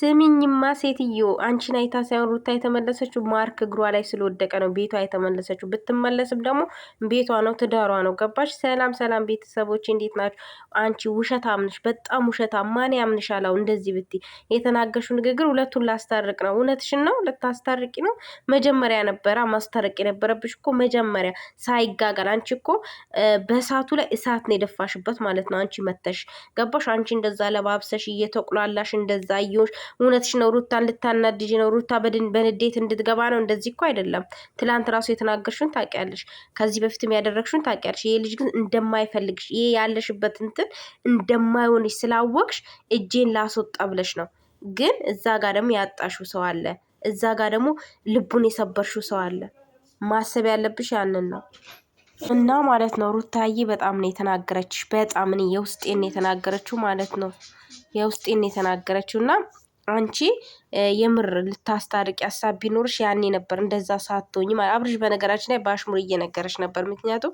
ስሚኝማ ሴትዮ አንቺን አይታ ሳይሆን ሩታ የተመለሰችው ማርክ እግሯ ላይ ስለወደቀ ነው ቤቷ የተመለሰችው። ብትመለስም ደግሞ ቤቷ ነው ትዳሯ ነው። ገባሽ? ሰላም ሰላም ቤተሰቦች እንዴት ናቸው? አንቺ ውሸት አምንሽ፣ በጣም ውሸት ማን ያምንሽ? አላው እንደዚህ ብትይ የተናገሹ ንግግር ሁለቱን ላስታርቅ ነው። እውነትሽን ነው፣ ልታስታርቂ ነው። መጀመሪያ ነበረ ማስታረቅ የነበረብሽ እኮ መጀመሪያ፣ ሳይጋጋል። አንቺ እኮ በእሳቱ ላይ እሳት ነው የደፋሽበት ማለት ነው። አንቺ መተሽ ገባሽ? አንቺ እንደዛ ለባብሰሽ እየተቁላላሽ እንደዛ እየሆንሽ እውነትሽ ነው ሩታ ልታናድጅ ነው ሩታ በንዴት እንድትገባ ነው። እንደዚህ እኮ አይደለም። ትላንት ራሱ የተናገርሽውን ታውቂያለሽ፣ ከዚህ በፊትም ያደረግሽውን ታውቂያለሽ። ይሄ ልጅ ግን እንደማይፈልግሽ ይሄ ያለሽበት እንትን እንደማይሆንሽ ስላወቅሽ እጄን ላስወጣ ብለሽ ነው። ግን እዛ ጋር ደግሞ ያጣሽው ሰው አለ። እዛ ጋር ደግሞ ልቡን የሰበርሽው ሰው አለ። ማሰብ ያለብሽ ያንን ነው። እና ማለት ነው ሩታዬ በጣም ነው የተናገረችሽ። በጣም እኔ የውስጤን የተናገረችው ማለት ነው የውስጤን የተናገረችው እና አንቺ የምር ልታስታርቂ ሀሳብ ቢኖርሽ ያኔ ነበር እንደዛ ሳትሆኝ። አብርሽ በነገራችን ላይ በአሽሙር እየነገረች ነበር። ምክንያቱም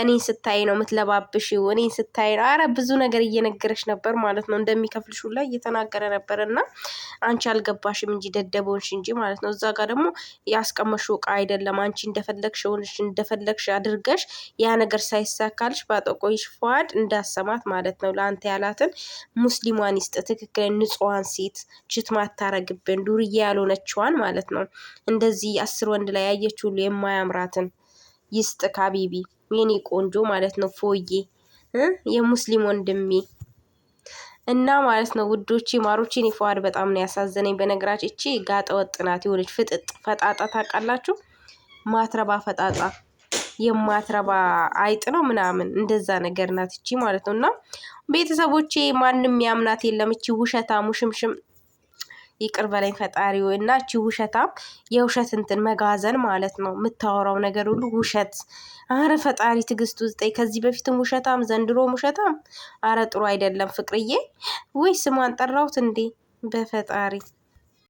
እኔ ስታይ ነው የምትለባብሽው፣ እኔ ስታይ ነው አረ ብዙ ነገር እየነገረች ነበር ማለት ነው። እንደሚከፍልሽ ሁላ እየተናገረ ነበር። እና አንቺ አልገባሽም እንጂ ደደቦንሽ እንጂ ማለት ነው። እዛ ጋር ደግሞ ያስቀመሽው እቃ አይደለም። አንቺ እንደፈለግሽ ሆንሽ፣ እንደፈለግሽ አድርገሽ ያ ነገር ሳይሳካልሽ በጠቆይሽ ፏድ እንዳሰማት ማለት ነው። ለአንተ ያላትን ሙስሊሟን ይስጥ፣ ትክክለኛ ንጹዋን ሴት ብሽት ማታረግብን ዱርዬ ያልሆነችዋን ማለት ነው። እንደዚህ አስር ወንድ ላይ ያየች ሁሉ የማያምራትን ይስጥ ካቢቢ የኔ ቆንጆ ማለት ነው። ፎዬ የሙስሊም ወንድሜ እና ማለት ነው ውዶቼ ማሮቼ፣ እኔ ፈዋድ በጣም ነው ያሳዘነኝ። በነገራችን እቺ ጋጠ ወጥ ናት፣ የሆነች ፍጥጥ ፈጣጣ ታውቃላችሁ? ማትረባ ፈጣጣ የማትረባ አይጥ ነው ምናምን እንደዛ ነገር ናት እቺ ማለት ነው። እና ቤተሰቦቼ ማንም ያምናት የለም እቺ ውሸታም ውሽምሽም ይቅር በለኝ ፈጣሪ እና እቺ ውሸታም የውሸት እንትን መጋዘን ማለት ነው። የምታወራው ነገር ሁሉ ውሸት። አረ ፈጣሪ ትግስት ስጠኝ። ከዚህ በፊትም ውሸታም፣ ዘንድሮም ውሸታም። አረ ጥሩ አይደለም ፍቅርዬ። ወይ ስሟን ጠራሁት እንዴ? በፈጣሪ